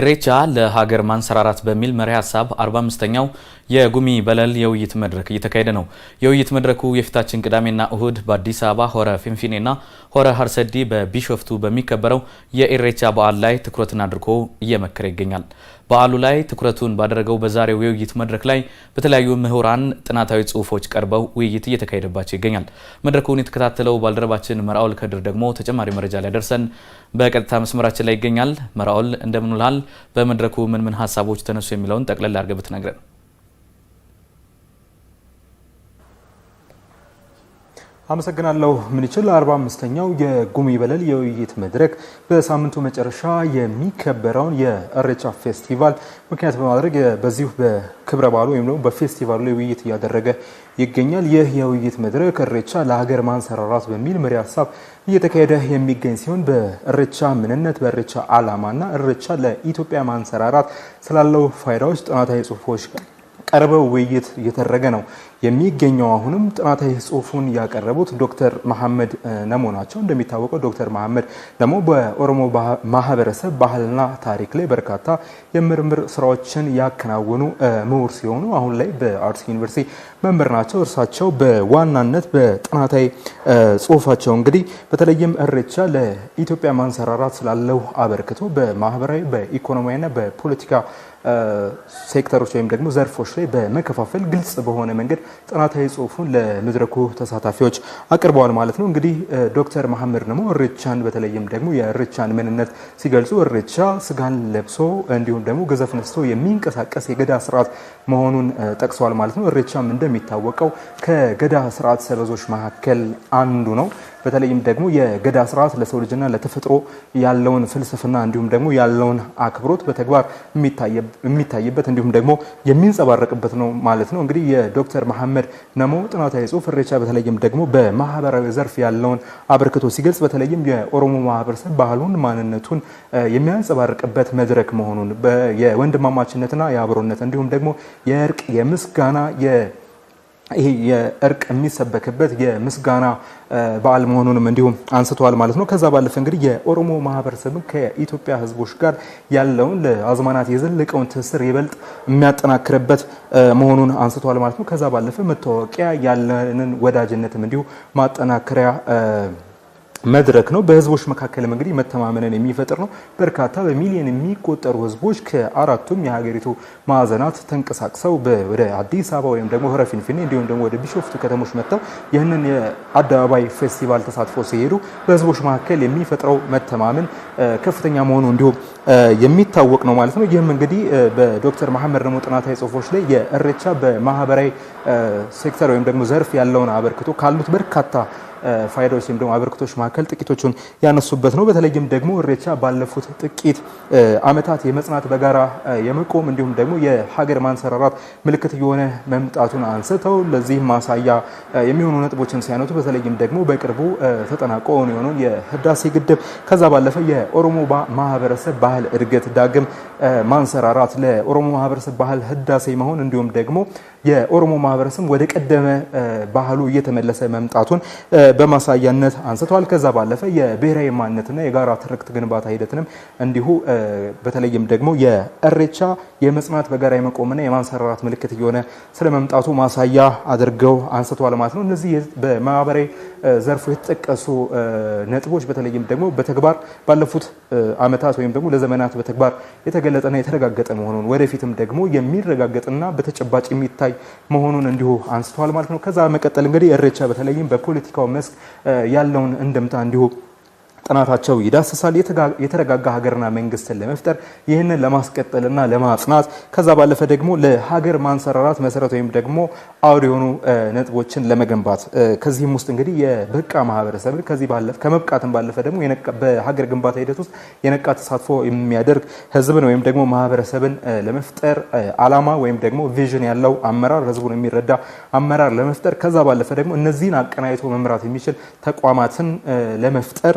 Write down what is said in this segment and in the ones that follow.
ኢሬቻ ለሀገር ማንሰራራት በሚል መሪ ሀሳብ 45ኛው የጉሚ በለል የውይይት መድረክ እየተካሄደ ነው። የውይይት መድረኩ የፊታችን ቅዳሜና እሁድ በአዲስ አበባ ሆረ ፊንፊኔና ሆረ ሀርሰዲ በቢሾፍቱ በሚከበረው የኢሬቻ በዓል ላይ ትኩረትን አድርጎ እየመከረ ይገኛል። በዓሉ ላይ ትኩረቱን ባደረገው በዛሬው የውይይት መድረክ ላይ በተለያዩ ምሁራን ጥናታዊ ጽሁፎች ቀርበው ውይይት እየተካሄደባቸው ይገኛል። መድረኩን የተከታተለው ባልደረባችን መራኦል ከድር ደግሞ ተጨማሪ መረጃ ሊያደርሰን በቀጥታ መስመራችን ላይ ይገኛል። መራኦል እንደምንላል፣ በመድረኩ ምን ምን ሀሳቦች ተነሱ የሚለውን ጠቅለል አድርገህ ብትነግረን አመሰግናለሁ ምንችል። አርባ አምስተኛው የጉሚ በለል የውይይት መድረክ በሳምንቱ መጨረሻ የሚከበረውን የእሬቻ ፌስቲቫል ምክንያት በማድረግ በዚሁ በክብረ በዓሉ ወይም ደግሞ በፌስቲቫሉ ላይ ውይይት እያደረገ ይገኛል። ይህ የውይይት መድረክ እሬቻ ለሀገር ማንሰራራት በሚል መሪ ሀሳብ እየተካሄደ የሚገኝ ሲሆን በእሬቻ ምንነት፣ በእሬቻ ዓላማና እሬቻ ለኢትዮጵያ ማንሰራራት ስላለው ፋይዳዎች ጥናታዊ ጽሁፎች ቀርበው ውይይት እየተደረገ ነው የሚገኘው። አሁንም ጥናታዊ ጽሁፉን ያቀረቡት ዶክተር መሐመድ ነሞ ናቸው። እንደሚታወቀው ዶክተር መሐመድ ደግሞ በኦሮሞ ማህበረሰብ ባህልና ታሪክ ላይ በርካታ የምርምር ስራዎችን ያከናወኑ ምሁር ሲሆኑ አሁን ላይ በአርሲ ዩኒቨርሲቲ መምህር ናቸው። እርሳቸው በዋናነት በጥናታዊ ጽሁፋቸው እንግዲህ በተለይም እሬቻ ለኢትዮጵያ ማንሰራራት ስላለው አበርክቶ በማህበራዊ በኢኮኖሚያዊና በፖለቲካ ሴክተሮች ወይም ደግሞ ዘርፎች ላይ በመከፋፈል ግልጽ በሆነ መንገድ ጥናታዊ ጽሁፉን ለመድረኩ ተሳታፊዎች አቅርበዋል ማለት ነው። እንግዲህ ዶክተር መሐመድ ደግሞ እርቻን በተለይም ደግሞ የእርቻን ምንነት ሲገልጹ እርቻ ስጋን ለብሶ እንዲሁም ደግሞ ገዘፍ ነስቶ የሚንቀሳቀስ የገዳ ስርዓት መሆኑን ጠቅሰዋል ማለት ነው። እርቻም እንደሚታወቀው ከገዳ ስርዓት ሰበዞች መካከል አንዱ ነው። በተለይም ደግሞ የገዳ ስርዓት ለሰው ልጅና ለተፈጥሮ ያለውን ፍልስፍና እንዲሁም ደግሞ ያለውን አክብሮት በተግባር የሚታይበት እንዲሁም ደግሞ የሚንጸባረቅበት ነው ማለት ነው። እንግዲህ የዶክተር መሐመድ ነሞ ጥናታዊ ጽሁፍ ኢሬቻ በተለይም ደግሞ በማህበራዊ ዘርፍ ያለውን አበርክቶ ሲገልጽ በተለይም የኦሮሞ ማህበረሰብ ባህሉን፣ ማንነቱን የሚያንጸባርቅበት መድረክ መሆኑን የወንድማማችነትና የአብሮነት እንዲሁም ደግሞ የእርቅ፣ የምስጋና ይሄ የእርቅ የሚሰበክበት የምስጋና በዓል መሆኑንም እንዲሁም አንስተዋል ማለት ነው። ከዛ ባለፈ እንግዲህ የኦሮሞ ማህበረሰብን ከኢትዮጵያ ሕዝቦች ጋር ያለውን ለአዝማናት የዘለቀውን ትስር ይበልጥ የሚያጠናክርበት መሆኑን አንስተዋል ማለት ነው። ከዛ ባለፈ መታወቂያ ያለንን ወዳጅነትም እንዲሁ ማጠናከሪያ መድረክ ነው። በህዝቦች መካከልም እንግዲህ መተማመንን የሚፈጥር ነው። በርካታ በሚሊዮን የሚቆጠሩ ህዝቦች ከአራቱም የሀገሪቱ ማዕዘናት ተንቀሳቅሰው ወደ አዲስ አበባ ወይም ደግሞ ሆረ ፊንፊኔ እንዲሁም ደግሞ ወደ ቢሾፍቱ ከተሞች መጥተው ይህንን የአደባባይ ፌስቲቫል ተሳትፎ ሲሄዱ በህዝቦች መካከል የሚፈጥረው መተማመን ከፍተኛ መሆኑ እንዲሁም የሚታወቅ ነው ማለት ነው። ይህም እንግዲህ በዶክተር መሐመድ ደግሞ ጥናታዊ ጽሁፎች ላይ የእሬቻ በማህበራዊ ሴክተር ወይም ደግሞ ዘርፍ ያለውን አበርክቶ ካሉት በርካታ ፋይዳዎች ወይም ደግሞ አበርክቶች መካከል ጥቂቶቹን ያነሱበት ነው። በተለይም ደግሞ እሬቻ ባለፉት ጥቂት ዓመታት የመጽናት በጋራ የመቆም እንዲሁም ደግሞ የሀገር ማንሰራራት ምልክት የሆነ መምጣቱን አንስተው ለዚህ ማሳያ የሚሆኑ ነጥቦችን ሲያነቱ በተለይም ደግሞ በቅርቡ ተጠናቆ የሆነውን የህዳሴ ግድብ ከዛ ባለፈ የኦሮሞ ማህበረሰብ ባህል እድገት ዳግም ማንሰራራት ለኦሮሞ ማህበረሰብ ባህል ህዳሴ መሆን እንዲሁም ደግሞ የኦሮሞ ማህበረሰብ ወደ ቀደመ ባህሉ እየተመለሰ መምጣቱን በማሳያነት አንስተዋል። ከዛ ባለፈ የብሔራዊ ማንነትና የጋራ ትርክት ግንባታ ሂደትንም እንዲሁ በተለይም ደግሞ የእሬቻ የመጽናት በጋራ የመቆምና የማንሰራራት ምልክት እየሆነ ስለ መምጣቱ ማሳያ አድርገው አንስተዋል ማለት ነው። እነዚህ በማህበራዊ ዘርፉ የተጠቀሱ ነጥቦች በተለይም ደግሞ በተግባር ባለፉት ዓመታት ወይም ደግሞ ለዘመናት በተግባር የተገለጠና የተረጋገጠ መሆኑን ወደፊትም ደግሞ የሚረጋገጥና በተጨባጭ የሚታይ መሆኑን እንዲሁ አንስተዋል ማለት ነው። ከዛ መቀጠል እንግዲህ እሬቻ በተለይም በፖለቲካው መስክ ያለውን እንደምታ እንዲሁ ጥናታቸው ይዳስሳል። የተረጋጋ ሀገርና መንግስትን ለመፍጠር ይህንን ለማስቀጠልና ለማጽናት ከዛ ባለፈ ደግሞ ለሀገር ማንሰራራት መሰረት ወይም ደግሞ አውድ የሆኑ ነጥቦችን ለመገንባት ከዚህም ውስጥ እንግዲህ የበቃ ማህበረሰብን ከዚህ ባለፈ ከመብቃትን ባለፈ ደግሞ በሀገር ግንባታ ሂደት ውስጥ የነቃ ተሳትፎ የሚያደርግ ህዝብን ወይም ደግሞ ማህበረሰብን ለመፍጠር አላማ ወይም ደግሞ ቪዥን ያለው አመራር ህዝቡን የሚረዳ አመራር ለመፍጠር ከዛ ባለፈ ደግሞ እነዚህን አቀናይቶ መምራት የሚችል ተቋማትን ለመፍጠር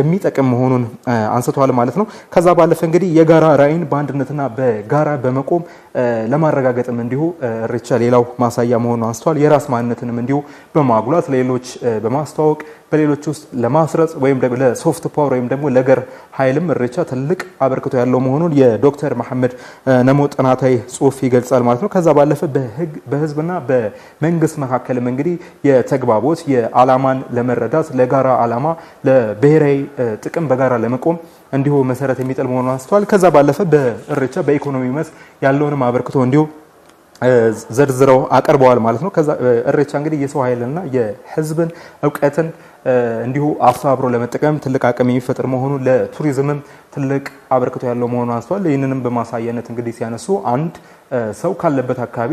የሚጠቅም መሆኑን አንስተዋል ማለት ነው። ከዛ ባለፈ እንግዲህ የጋራ ራዕይን በአንድነትና በጋራ በመቆም ለማረጋገጥም እንዲሁ ኢሬቻ ሌላው ማሳያ መሆኑን አንስተዋል። የራስ ማንነትንም እንዲሁ በማጉላት ለሌሎች በማስተዋወቅ በሌሎች ውስጥ ለማስረጽ ወይም ለሶፍት ፓወር ወይም ደግሞ ለገር ኃይልም ኢሬቻ ትልቅ አበርክቶ ያለው መሆኑን የዶክተር መሐመድ ነሞ ጥናታዊ ጽሁፍ ይገልጻል ማለት ነው። ከዛ ባለፈ በህዝብና በመንግስት መካከልም እንግዲህ የተግባቦት የአላማን ለመረዳት ለጋራ አላማ ለብሔራዊ ጥቅም በጋራ ለመቆም እንዲሁ መሰረት የሚጥል መሆኑን አንስተዋል። ከዛ ባለፈ በእርቻ በኢኮኖሚ መስክ ያለውንም አበርክቶ እንዲሁ ዘርዝረው አቅርበዋል ማለት ነው። ከዛ እሬቻ እንግዲህ የሰው ኃይልና የሕዝብን እውቀትን እንዲሁ አስተባብሮ ለመጠቀም ትልቅ አቅም የሚፈጥር መሆኑ ለቱሪዝምም ትልቅ አበርክቶ ያለው መሆኑ አንስተዋል። ይህንንም በማሳያነት እንግዲህ ሲያነሱ አንድ ሰው ካለበት አካባቢ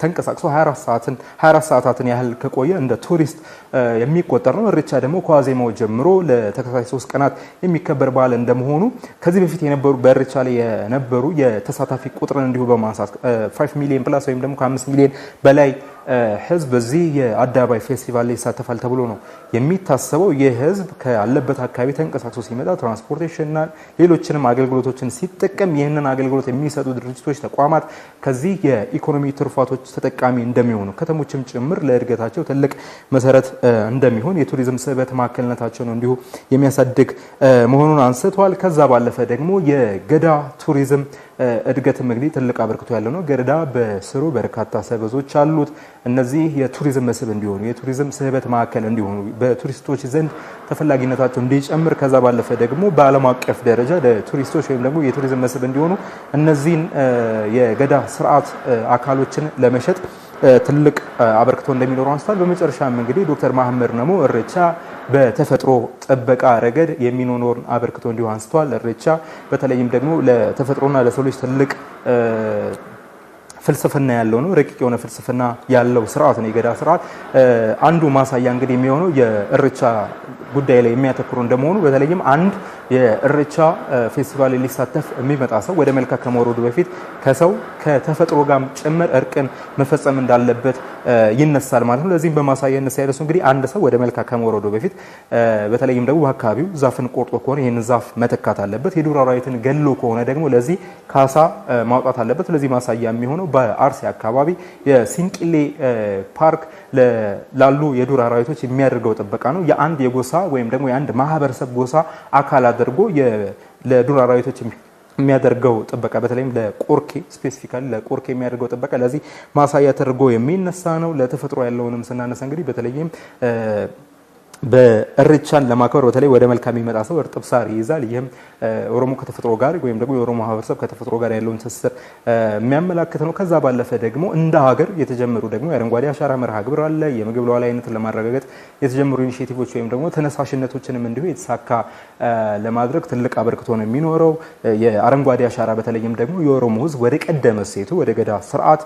ተንቀሳቅሶ 24 ሰዓታትን ያህል ከቆየ እንደ ቱሪስት የሚቆጠር ነው። ኢሬቻ ደግሞ ከዋዜማው ጀምሮ ለተከታታይ ሶስት ቀናት የሚከበር በዓል እንደመሆኑ ከዚህ በፊት የነበሩ በኢሬቻ ላይ የነበሩ የተሳታፊ ቁጥርን እንዲሁ በማንሳት 5 ሚሊዮን ፕላስ ወይም ደግሞ ከ5 ሚሊዮን በላይ ህዝብ በዚህ የአደባባይ ፌስቲቫል ላይ ይሳተፋል ተብሎ ነው የሚታሰበው። ይህ ህዝብ ካለበት አካባቢ ተንቀሳቅሶ ሲመጣ ትራንስፖርቴሽንና ሌሎችንም አገልግሎቶችን ሲጠቀም ይህንን አገልግሎት የሚሰጡ ድርጅቶች፣ ተቋማት ከዚህ የኢኮኖሚ ትሩፋቶች ተጠቃሚ እንደሚሆኑ፣ ከተሞችም ጭምር ለእድገታቸው ትልቅ መሰረት እንደሚሆን የቱሪዝም ስበት ማዕከልነታቸውን እንዲሁ የሚያሳድግ መሆኑን አንስተዋል። ከዛ ባለፈ ደግሞ የገዳ ቱሪዝም እድገት እንግዲህ ትልቅ አበርክቶ ያለው ነው። ገዳ በስሩ በርካታ ሰበዞች አሉት። እነዚህ የቱሪዝም መስህብ እንዲሆኑ የቱሪዝም ስህበት ማዕከል እንዲሆኑ በቱሪስቶች ዘንድ ተፈላጊነታቸው እንዲጨምር ከዛ ባለፈ ደግሞ በዓለም አቀፍ ደረጃ ለቱሪስቶች ወይም ደግሞ የቱሪዝም መስህብ እንዲሆኑ እነዚህን የገዳ ስርዓት አካሎችን ለመሸጥ ትልቅ አበርክቶ እንደሚኖሩ አንስቷል። በመጨረሻም እንግዲህ ዶክተር ማህመድ ነሞ እርቻ በተፈጥሮ ጥበቃ ረገድ የሚኖረውን አበርክቶ እንዲሁ አንስተዋል። እርቻ በተለይም ደግሞ ለተፈጥሮና ለሰው ልጅ ትልቅ ፍልስፍና ያለው ነው። ረቂቅ የሆነ ፍልስፍና ያለው ስርዓት ነው የገዳ ስርዓት። አንዱ ማሳያ እንግዲህ የሚሆነው የእርቻ ጉዳይ ላይ የሚያተኩሩ እንደመሆኑ በተለይም አንድ የእርቻ ፌስቲቫል ሊሳተፍ የሚመጣ ሰው ወደ መልካ ከመውረዱ በፊት ከሰው ከተፈጥሮ ጋር ጭምር እርቅን መፈጸም እንዳለበት ይነሳል ማለት ነው። ለዚህም በማሳያነት ያደሱ እንግዲህ አንድ ሰው ወደ መልካ ከመውረዱ በፊት በተለይም ደግሞ በአካባቢው ዛፍን ቆርጦ ከሆነ ይህንን ዛፍ መተካት አለበት። የዱር አራዊትን ገሎ ከሆነ ደግሞ ለዚህ ካሳ ማውጣት አለበት። ለዚህ ማሳያ የሚሆነው በአርሲ አካባቢ የሲንቅሌ ፓርክ ላሉ የዱር አራዊቶች የሚያደርገው ጥበቃ ነው። የአንድ የጎሳ ወይም ደግሞ የአንድ ማህበረሰብ ጎሳ አካል አድርጎ ለዱር አራዊቶች የሚያደርገው ጥበቃ በተለይም ለቆርኬ ስፔሲፊካሊ ለቆርኬ የሚያደርገው ጥበቃ ለዚህ ማሳያ ተደርጎ የሚነሳ ነው። ለተፈጥሮ ያለውንም ስናነሳ እንግዲህ በተለይም በእርቻን ለማክበር በተለይ ወደ መልካ የሚመጣ ሰው እርጥብ ሳር ይይዛል። ይህም ኦሮሞ ከተፈጥሮ ጋር ወይም ደግሞ የኦሮሞ ማህበረሰብ ከተፈጥሮ ጋር ያለውን ትስስር የሚያመላክት ነው። ከዛ ባለፈ ደግሞ እንደ ሀገር የተጀመሩ ደግሞ የአረንጓዴ አሻራ መርሃ ግብር አለ። የምግብ ሉዓላዊነትን ለማረጋገጥ የተጀመሩ ኢኒሽቲቮች ወይም ደግሞ ተነሳሽነቶችንም እንዲሁ የተሳካ ለማድረግ ትልቅ አበርክቶ ነው የሚኖረው። የአረንጓዴ አሻራ በተለይም ደግሞ የኦሮሞ ህዝብ ወደ ቀደመ ሴቱ ወደ ገዳ ስርዓት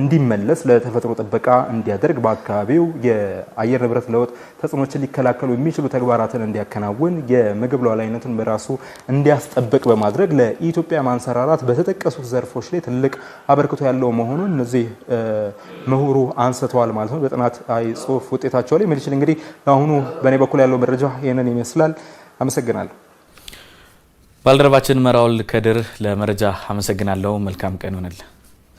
እንዲመለስ ለተፈጥሮ ጥበቃ እንዲያደርግ በአካባቢው የአየር ንብረት ለውጥ ተጽዕኖችን ሊከላከሉ የሚችሉ ተግባራትን እንዲያከናውን የምግብ ሉዓላዊነትን በራሱ እንዲያስጠብቅ በማድረግ ለኢትዮጵያ ማንሰራራት በተጠቀሱት ዘርፎች ላይ ትልቅ አበርክቶ ያለው መሆኑን እነዚህ ምሁሩ አንስተዋል ማለት ነው። በጥናት ጽሁፍ ውጤታቸው ላይ የሚልችል እንግዲህ ለአሁኑ በእኔ በኩል ያለው መረጃ ይህንን ይመስላል። አመሰግናለሁ። ባልደረባችን መራውል ከድር ለመረጃ አመሰግናለሁ። መልካም ቀን ይሆንልን።